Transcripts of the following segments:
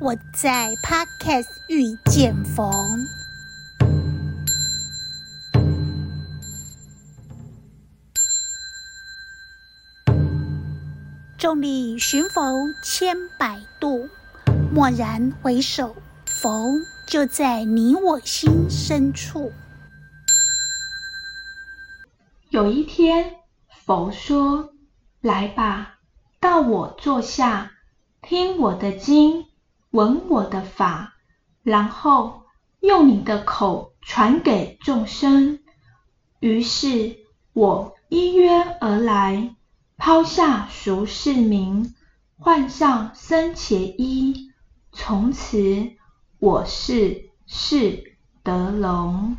我在 Podcast 遇見佛，眾裡尋佛千百度，驀然回首，佛就在你我心深處。有一天，佛說：“來吧，到我座下，聽我的經，聞我的法，然後用你的口傳給眾生。”於是，我依約而來，拋下俗世名，換上僧伽衣，從此我是釋德隆。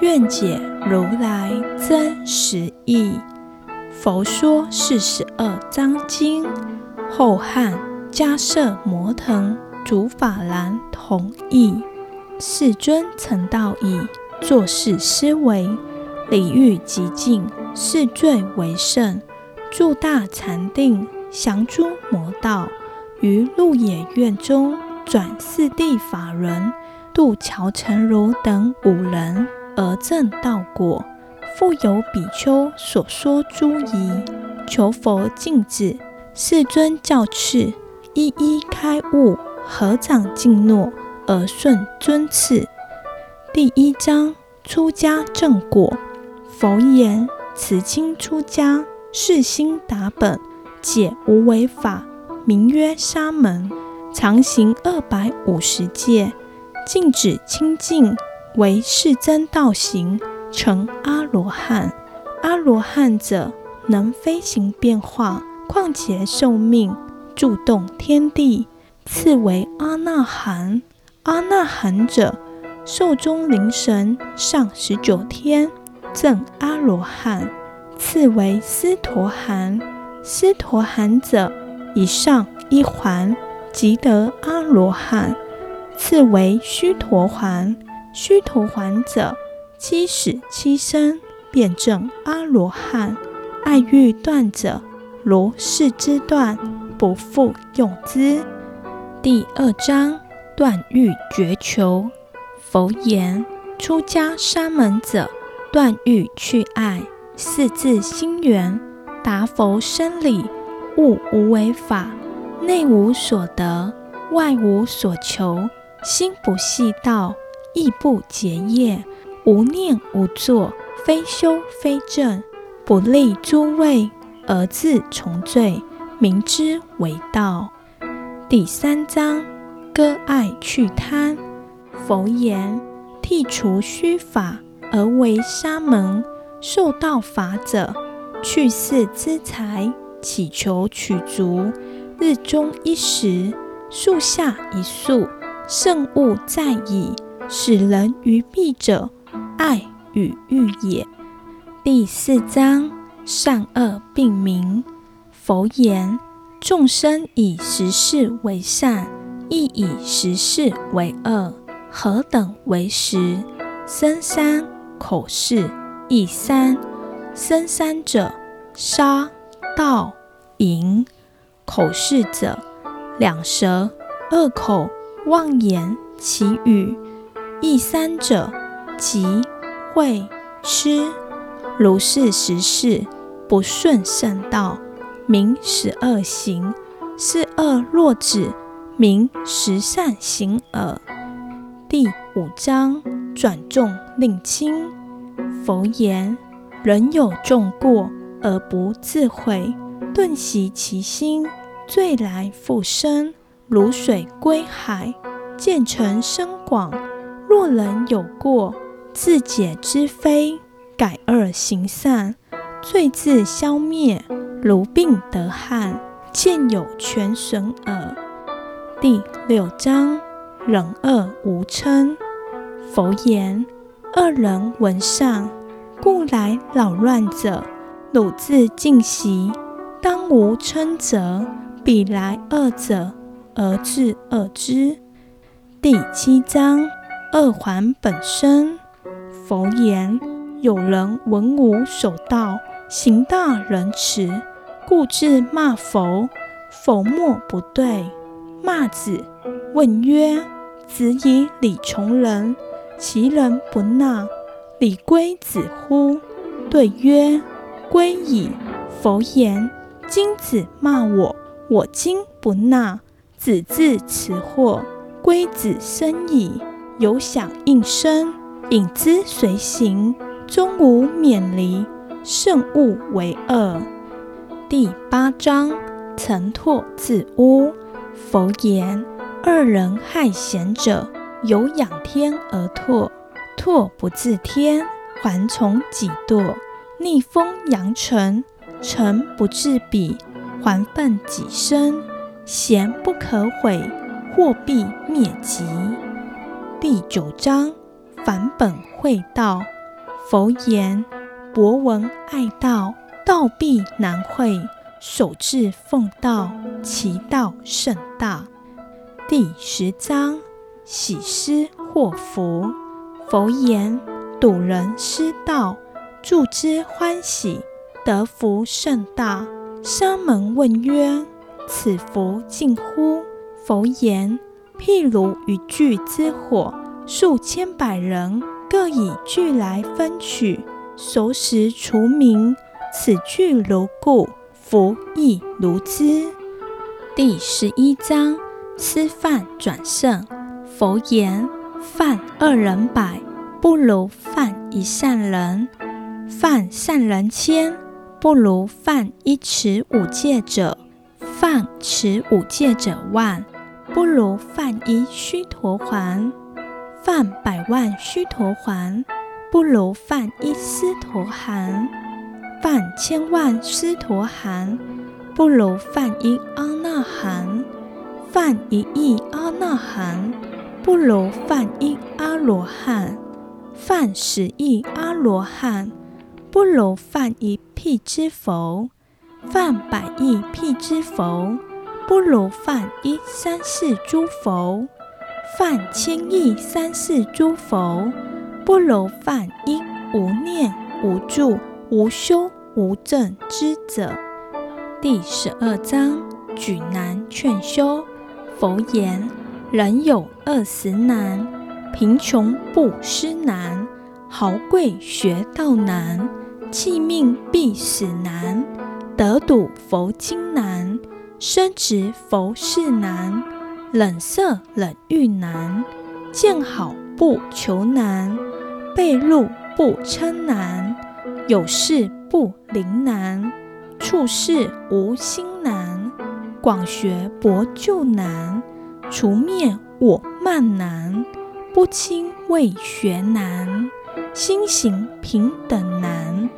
願解如來真實義。佛說四十二章經。後漢迦葉摩騰竺法蘭同譯，世尊成道已，作是思惟，離欲寂靜，是最為勝，住大禪定，降諸魔道。於鹿野苑中轉四諦法輪，度憍陳如等五人。而證道果，復有比丘所說諸疑，求佛禁止。世尊教敕，一一開悟，合掌敬諾，而順尊敕。第一章出家正果。佛言：辭親出家，世心達本，解無為法，名曰沙門，常行二百五十戒，禁止清淨。為世真道，行成阿羅漢。阿羅漢者能飛行變化，況且壽命助動天地。次為阿那含，阿那含者壽終靈神上十九天，證阿羅漢。次為斯陀含，斯陀含者以上一環，即得阿羅漢。次為須陀洹。須陀洹者，七死七生，便證阿羅漢；愛欲斷者，如四肢斷，不復用之。第二章斷欲絕求。佛言：出家沙門者，斷欲去愛，識自心源，達佛深理，悟無為法，內無所得，外無所求，心不繫道。亦不結業，無念無作，非修非證，不利諸位而自重罪，名之為道。第三章：割愛去貪。佛言：剃除鬚髮而為沙門，受道法者，去世資財，乞求取足。日中一食，樹下一宿，聖物在矣。使人愚蔽者，愛與欲也。第四章，善惡並明。佛言：眾生以十事為善，亦以十事為惡。何等為十？身三、口四、意三。身三者，殺、盜、淫；口四者，兩舌、惡口、妄言、綺語。意三者，嫉、恚、癡，如是十事不順聖道，名十惡行，是惡若止，名十善行耳。第五章：轉重令輕。佛言：人有眾過而不自悔，頓息其心，罪來赴身，如水歸海，漸成深廣。若人有過，自解知非，改惡行善，罪自消滅，如病得汗，見有全損耳。第六章：忍惡無嗔。佛言：惡人聞善，故來擾亂者，汝自禁息；當無嗔者，彼來惡者，而自惡之。第七章。二環本身，佛言，有人聞吾守道，行大仁慈，故致罵佛。佛莫不對，罵子問曰：“子以禮從人，其人不納，禮歸子乎？”對曰：“歸矣。”佛言：“今子罵我，我今不納，子自此禍，歸子身矣。”有響應聲，影之隨形，終無免離，慎勿為惡。第八章，塵唾自污。佛言：惡人害賢者，有仰天而唾，唾不至天，還從己墮；逆風揚塵，塵不至彼，還坌己身。賢不可毀，禍必滅己。第九章，返本會道。佛言：博聞愛道，道必難會。守志奉道，其道甚大。第十章，喜施獲福。佛言：睹人施道，助之歡喜，得福甚大。沙門問曰：此福近乎？佛言。譬如與炬之火，數千百人各以炬來分取，熟食除名。此炬如故，福亦如之。第十一章：施飯轉勝。佛言：飯惡人百，不如飯一善人；飯善人千，不如飯一持五戒者；飯持五戒者萬。不如犯一須陀洹，犯百萬須陀洹；不如犯一斯陀含，犯千萬斯陀含；不如犯一阿那含，犯一億阿那含；不如犯一阿羅漢，犯十億阿羅漢；羅漢不如犯一辟支佛，犯百億辟支佛。不如犯一三世諸佛，犯千億三世諸佛，不如犯一無念無住無修無證之者。第十二章：舉難勸修。佛言：人有二十難，貧窮布施難，豪貴學道難，棄命必死難，得睹佛經難。生值佛世難，冷色冷遇難，見好不求難，被辱不瞋難，有事不臨難，觸事無心難，廣學博究難，除滅我慢難，不輕未學難，心行平等難，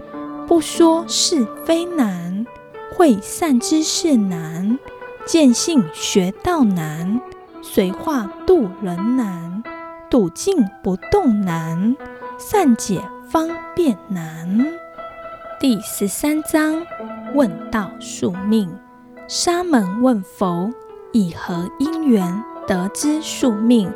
不說是非難。會善知識難，見性學道難，隨化度人難，睹境不動難，善解方便難。第十三章，問道宿命。沙門問佛：以何因緣得知宿命？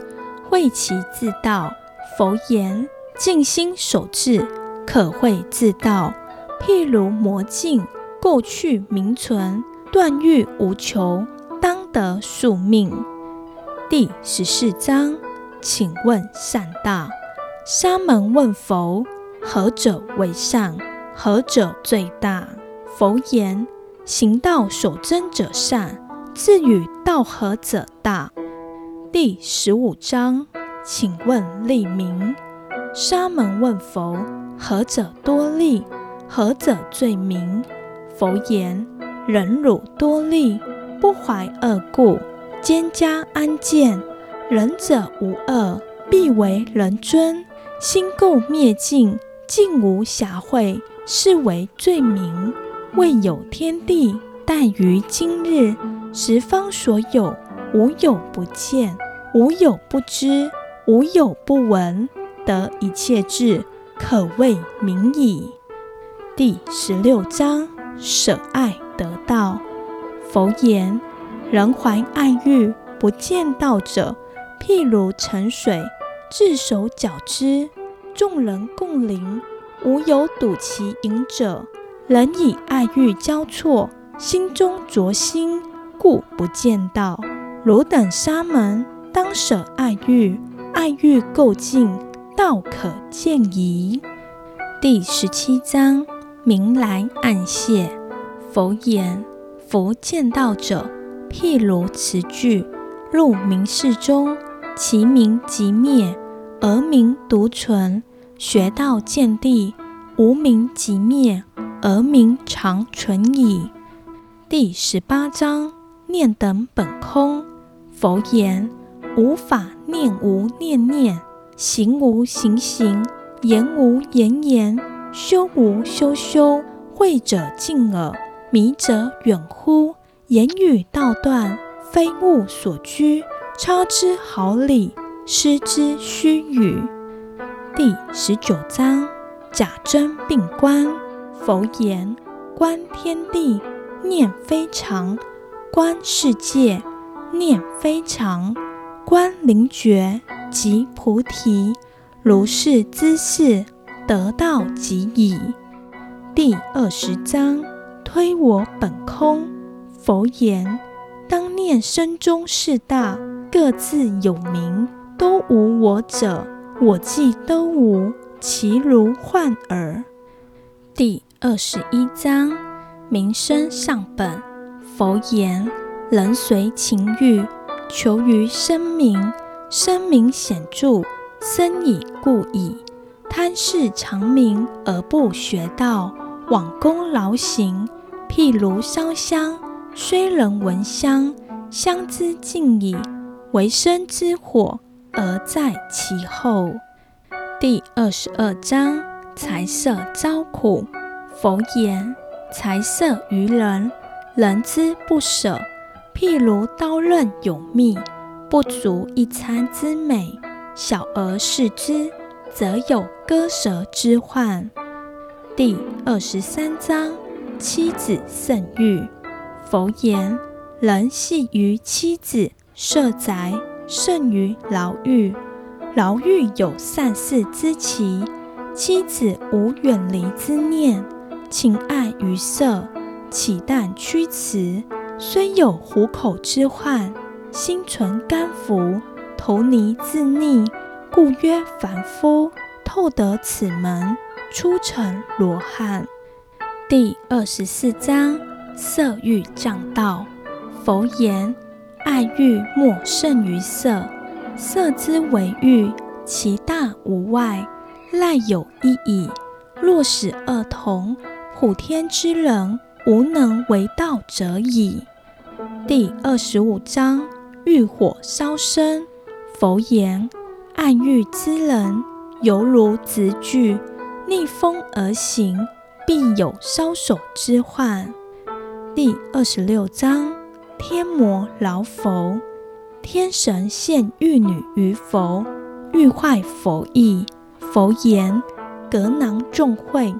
會其自道。佛言：靜心守志，可會自道。譬如磨鏡。過去名存，斷欲無求，當得宿命。第十四章：請問善大？沙門問佛：何者為善？何者最大？佛言：行道守真者善，自與道合者大。第十五章：請問力明？沙門問佛：何者多力？何者最明？佛言：忍辱多力，不懷惡故，兼家安健。忍者無惡，必為人尊。心垢滅盡，盡無瑕穢，是為最明。未有天地，但於今日，十方所有，無有不見，無有不知，無有不聞，得一切智，可謂明矣。第十六章。捨愛得道。佛言：人懷愛欲，不見道者，譬如澄水，致手攪之，眾人共臨，無有睹其影者。人以愛欲交錯，心中濁興，故不見道。汝等沙門，當捨愛欲，愛欲垢盡，道可見矣。第十七章。明來暗謝。佛言：夫見道者，譬如持炬入冥室中，其名即滅，而明獨存；學道見地，無明即滅，而明常存矣。第十八章：念等本空。佛言：無法念無念念，行無行行，言無言言。修無修修，會者近爾，迷者遠乎。言語道斷，非物所拘。差之毫釐，失之須臾。第十九章：假真並觀。佛言：觀天地，念非常；觀世界，念非常；觀靈覺，即菩提。如是知識，得道即已。第二十章：推我本空。佛言：當念身中四大，各自有名，都無我者。我既都無，其如幻耳。第二十一章：名聲上本。佛言：人隨情欲，求於聲名，聲名顯著，生以故矣。貪世常名而不學道，枉功勞形。譬如燒香，雖人聞香，香之盡矣，唯身之火而在其後。第二十二章：財色招苦。佛言：財色於人，人之不捨。譬如刀刃有蜜，不足一餐之美，小兒視之。則有割舌之患。第二十三章，妻子甚獄。佛言：人繫於妻子，舍宅甚於牢獄；牢獄有散釋之期，妻子無遠離之念。情愛於色，豈憚驅馳？雖有虎口之患，心存甘伏，投泥自溺。故曰：凡夫透得此門，出成羅漢。第二十四章：色欲障道。佛言：愛欲莫甚於色，色之為欲，其大無外，賴有一矣。若使二同，普天之人，無能為道者矣。第二十五章：欲火燒身。佛言。暗愛之人，猶如執炬，逆風而行，必有燒手之患。第二十六章：天魔嬈佛，天神獻玉女於佛，欲壞佛意。佛言：革囊眾穢，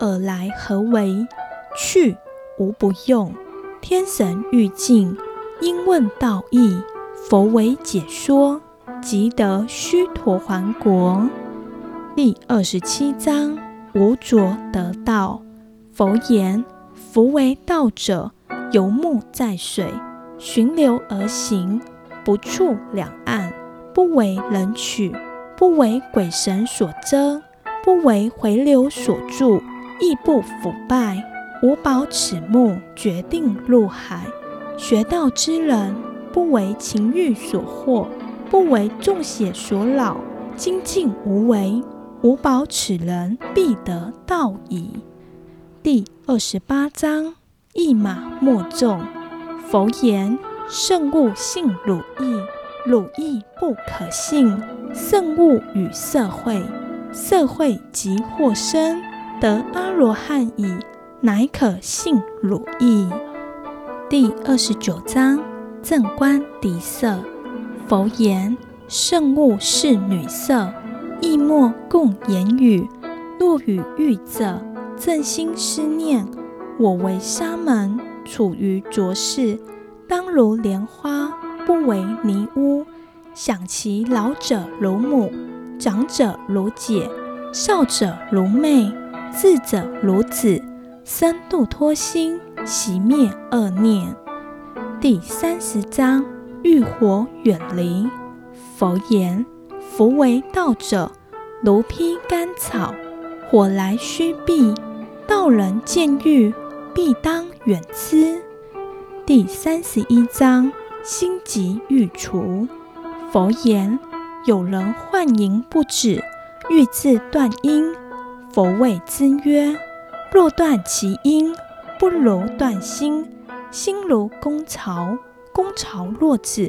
爾來何為？去，吾不用。天神愈敬，因問道意。佛為解說。即得須陀洹國，第二十七章無着得道。佛言：夫為道者，游木在水，尋流而行，不觸兩岸，不為人取，不為鬼神所遮，不為回流所住，亦不腐敗。吾保此木，決定入海。學道之人，不為情欲所惑。不為眾邪所惱，精進無為，吾保此人必得道矣。第二十八章：意馬莫縱。佛言：慎勿信汝意，汝意不可信。慎勿與色會，色會即禍生。得阿羅漢矣，乃可信汝意。第二十九章：正觀敵色。佛言：“慎勿視女色，亦莫共言語。若與語者，正心思念。我為沙門，處於濁世，當如蓮花，不為泥污。想其老者如母，長者如姐，少者如妹，智者如子，深度脫心，熄滅惡念。”第三十章。欲火遠離。佛言：夫為道者，如披乾草，火來須避。道人見欲，必當遠之。」第三十一章：心寂欲除。佛言：有人患淫不止，欲自斷陰。佛謂之曰：若斷其陰，不如斷心。心如功曹。功曹若止，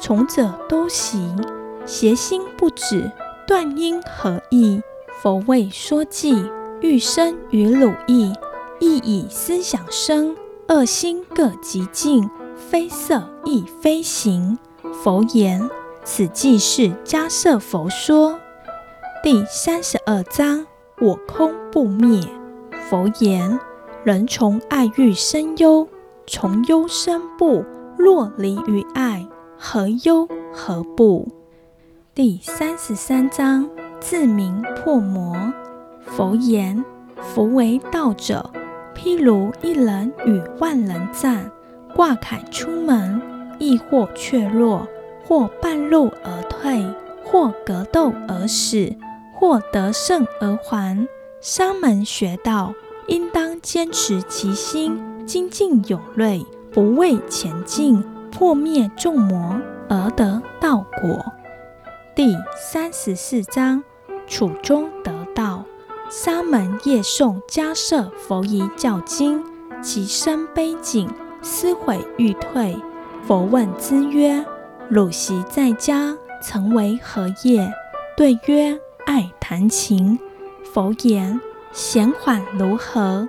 從者都行。邪心不止，斷陰何益？佛為說偈：欲生於魯意，亦以思想生；惡心各極境，非色亦非行。佛言：此偈是迦葉佛說。第三十二章：我空不滅。佛言：人從愛欲生憂，從憂生怖。若離於愛，何憂何怖？第三十三章：自明破魔。佛言：夫為道者，譬如一人與萬人戰，掛鎧出門，亦或怯弱，或半路而退，或格鬥而死，或得勝而還。沙門學道，應當堅持其心，精進勇銳。不畏前境，破滅眾魔而得道果。第三十四章：處中得道。沙門夜誦迦葉佛遺教經，其聲悲緊，思悔欲退。佛問之曰：“汝昔在家，曾為何業？”對曰：“愛彈琴。”佛言：“弦緩如何？”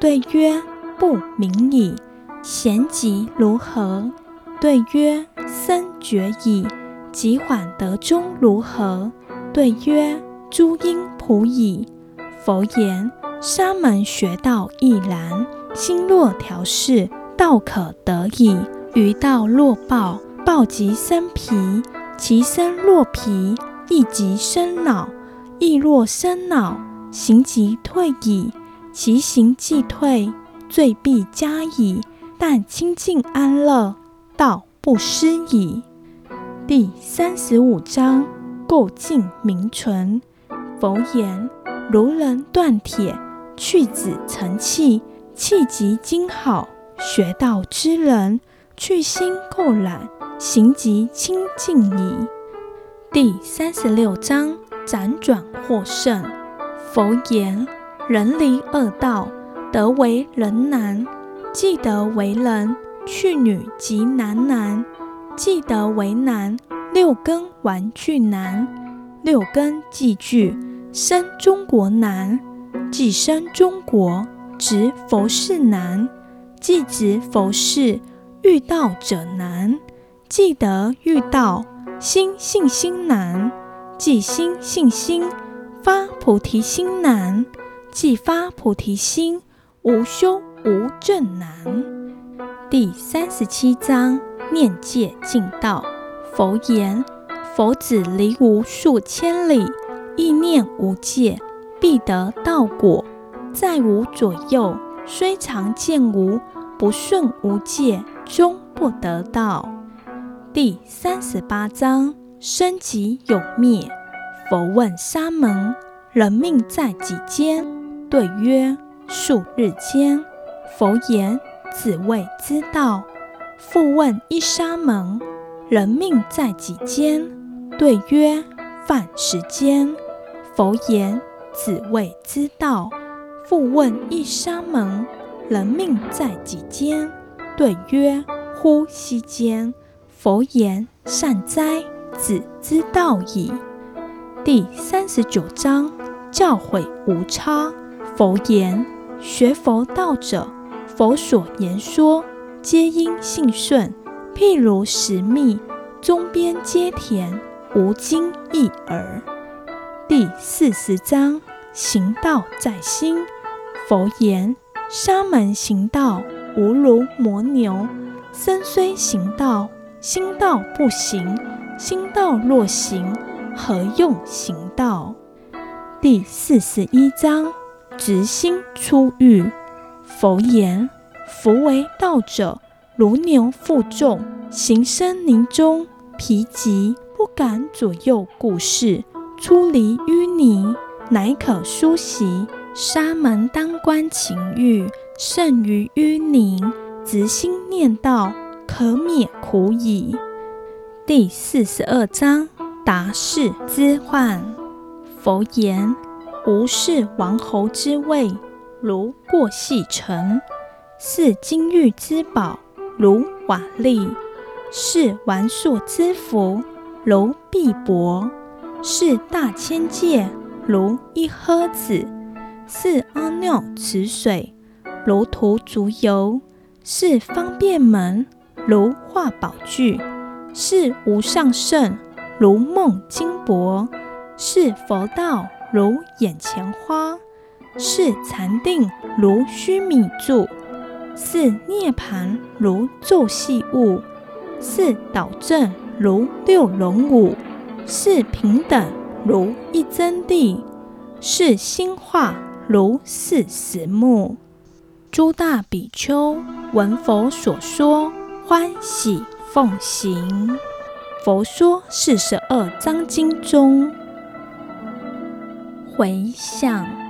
對曰：“不鳴矣。”弦急如何？對曰：聲絕矣。急緩得中如何？對曰：諸音普矣。佛言：沙門學道亦然。心若調適，道可得矣。於道若暴，暴即生疲；其身若疲，意即生惱；意若生惱，行即退矣。其行既退，罪必加矣。但清靜安樂，道不失矣。第三十五章：垢淨明存。佛言：如人鍛鐵，去滓成器，器極精好。學道之人，去心垢染，行即清淨矣。第三十六章：輾轉獲勝。佛言：人離惡道，得為人難。既得為人，去女即男難，既得為男，六根完具難，六根完具，生中國難，既生中國，值佛世難，既值佛世，遇道者難，既得遇道，興信心難，既興信心，發菩提心難，既發菩提心，無修，無證難第三十七章：念戒盡道。佛言：“佛子離吾數千里，意念吾戒，必得道果；在吾左右，雖常見吾，不順吾戒，終不得道。”第三十八章：生即有滅。佛問沙門：“人命在幾間？”對曰：“數日間。”佛言：“子未知道。”復問一沙門：“人命在幾間？”對曰：“飯食間。”佛言：“子未知道。”復問一沙門：“人命在幾間？”對曰：“呼吸間。”佛言：“善哉，子知道矣。第39章”第三十九章教誨無差。佛言：“學佛道者。”佛所言說，皆因信順。譬如食蜜，中邊皆甜，吾經亦爾。第四十章：行道在心。佛言：沙門行道，無如磨牛。身雖行道，心道不行。心道若行，何用行道？第四十一章：直心出欲。佛言：夫為道者，如牛負重，行深林中，疲極不敢左右顧視，出離淤泥，乃可蘇息。沙門當觀情欲，甚於淤泥，執心念道，可免苦矣。第四十二章：達世知幻。佛言：吾視王侯之位。如過隙塵，視金玉之寶；如瓦礫，視紈素之服；如敝帛，視大千界；如一訶子，視阿耨池水；如塗足油，視方便門；如化寶聚，視無上乘；如夢金帛，視佛道；如眼前花。視禪定如須彌柱，是涅槃如晝夕寤。細霧，視倒正如六龍舞，視平等如一真諦，視興化如四時木。諸大比丘聞佛所說，歡喜奉行。佛說四十二章經中，回向。